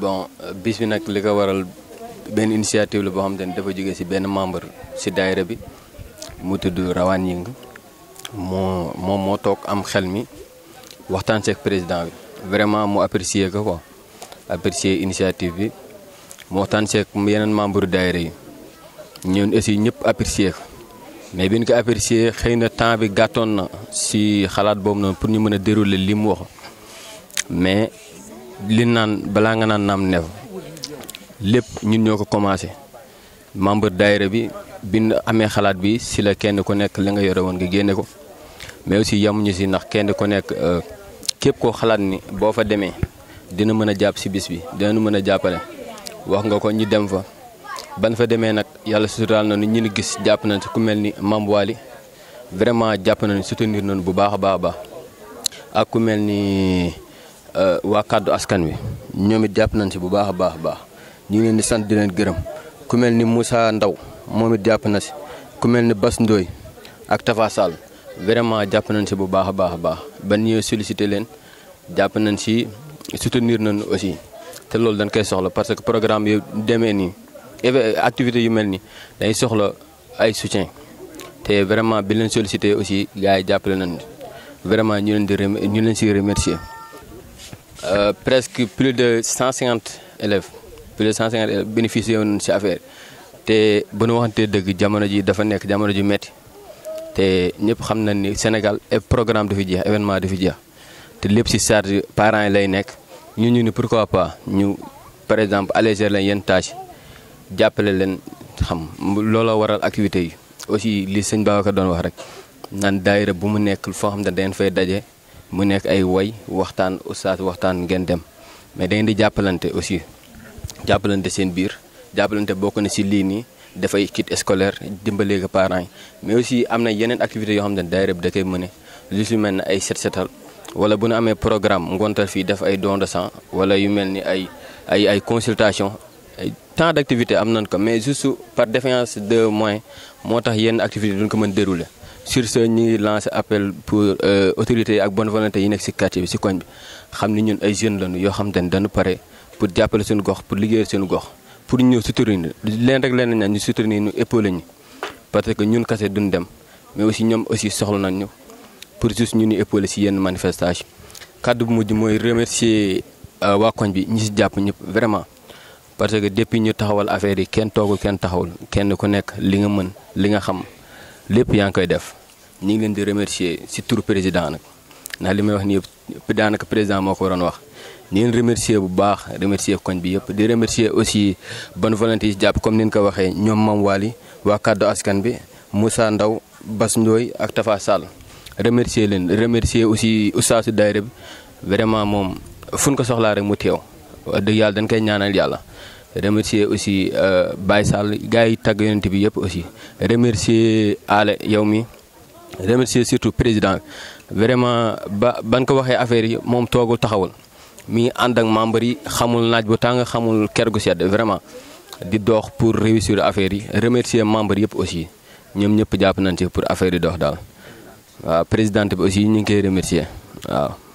bon bis bi nag li ko waral benn initiative la boo xam te ne dafa jóge ci benn membre ci daayira bi mu tudd Rawane Ying moo moom moo toog am xel mi waxtaan seek président bi vraiment mu apprécier ko quoi apprécier initiative bi mu waxtaan seeg yeneen membre daayira yi ñun aussi ñëpp apprécier ko mais bi ñu ko apprécier xëy na temps bi gàttoon na si xalaat boobu noonu pour ñu mën a dérouler li mu wax mais li naan balaa nga naan naam neef lépp ñun ñoo ko commencé membre daayira bi bind amee xalaat bi si la kenn ku nekk li nga yore woon nga génne ko mais aussi yamuñu si ndax kenn ku nekk euh, képp koo xalaat ni boo fa demee dina mën a jàpp si bis bi dinañu mën a jàppale wax nga ko ñu dem fa ban fa demee nag yàlla suturaal na ñu ni gis jàpp nañ si ku mel ni Mame Waly vraiment jàpp nañ soutenir nañu bu baax a baax a baax ak ku mel ni Euh, waa kàddu askan wi ñoom it jàpp nañ si bu baax a baax a baax ñu ngi leen di sant di leen gërëm ku mel ni Moussa Ndaw moom it jàpp na si ku mel ni Bas ak Tafa Sall vraiment jàpp nañ si bu baax a baax a baax ba ñu sollicité leen jàpp nañ si soutenir nañu aussi te loolu dañ koy soxla parce que programme yu demee nii activité yu mel nii dañ soxla ay soutien te vraiment bi leen sollicité aussi gars yi jàppale nañ vraiment ñu leen di ñu leen siy remercier Euh, presque plus de 150 élèves plus de 150 élèves bénéficié woon si affaire te ba nu waxantee dëgg jamono ji dafa nekk jamono ju metti te ñëpp xam nañ ni Sénégal et programme du fi jeex événement du fi jeex te lép si charge parent yi lay nekk ñu ñu ni pour quoi pas ñu par exemple alléger leen yenn tâches jàppale leen xam looloo waral activités yi aussi li sëñ Babacar doon wax rek naan daayira bu mu nekk foo xam ne dañ fay daje. mu nekk ay woy waxtaan oustaz waxtaan ngeen dem mais da di jàppalante aussi jàppalante seen biir jàppalante bokk ne si lii nii dafay kit scolaire dimbale ko parents mais aussi am na yeneen activités yoo xam ne daayira bi da koy mëne lu si mel ne ay set setal wala bu nu amee programme ngontal fii def ay don de sang wala yu mel ni ay ay ay consultation tant d' activité am nañ ko mais juste par défiance de moyens moo tax yenn activité duñ ko mën dérouler sur ce ñu ngi lancé appel pour euh, autorités yi ak bonne volonté yi nekk si quartier bi si koñ bi xam ni ñun ay jeunes lañu yoo xam te ne dañu pare pour jàppale seen gox pour liggéeyal seen gox pour ñu ñëw soutenir ñu leen rek leen nañ ñu soutenir ñu épaulé ñu parce que ñun kase duñ dem mais aussi ñoom aussi soxla nañ pour juste ñu ñu épaulé si yenn manifestation kàddu bu mujj mooy remercier euh, waa koñ bi ñu si jàpp ñëpp vraiment parce que depuis ñu taxawal affaire yi kenn toogul kenn taxawul kenn ku nekk li nga mën li nga xam. lépp yaa ngi koy def ñu ngi leen di remercier ci turu président nag ndax li may wax nii yëpp daanaka président moo ko waroon wax ñu leen remercier bu baax remercier koñ bi yëpp di remercier aussi bonne volonté jàpp comme ni ko waxee ñoom Mame waali waa kàddu askan bi Moussa Ndaw Bas Ndooy ak Tafa Sall remercier leen remercier aussi ustaasu daayira bi vraiment moom fu ñu ko soxlaa rek mu teew wax dëgg yàlla dañ koy ñaanal yàlla remercier aussi euh, Baye Sall gars yi tagg yonent bi yëpp aussi remercier Aale yow mi remercier surtout président vraiment ba ban ko waxee affaire yi moom toogul taxawul mi ànd ak membre yi xamul naaj bu tàng xamul ker gu sedd vraiment di doox pour réussir affaire yi remercier membre yëpp aussi ñoom ñëpp jàpp nañ ci pour affaire yi dox daal waaw présidente bi aussi ñu ngi koy remercier waaw.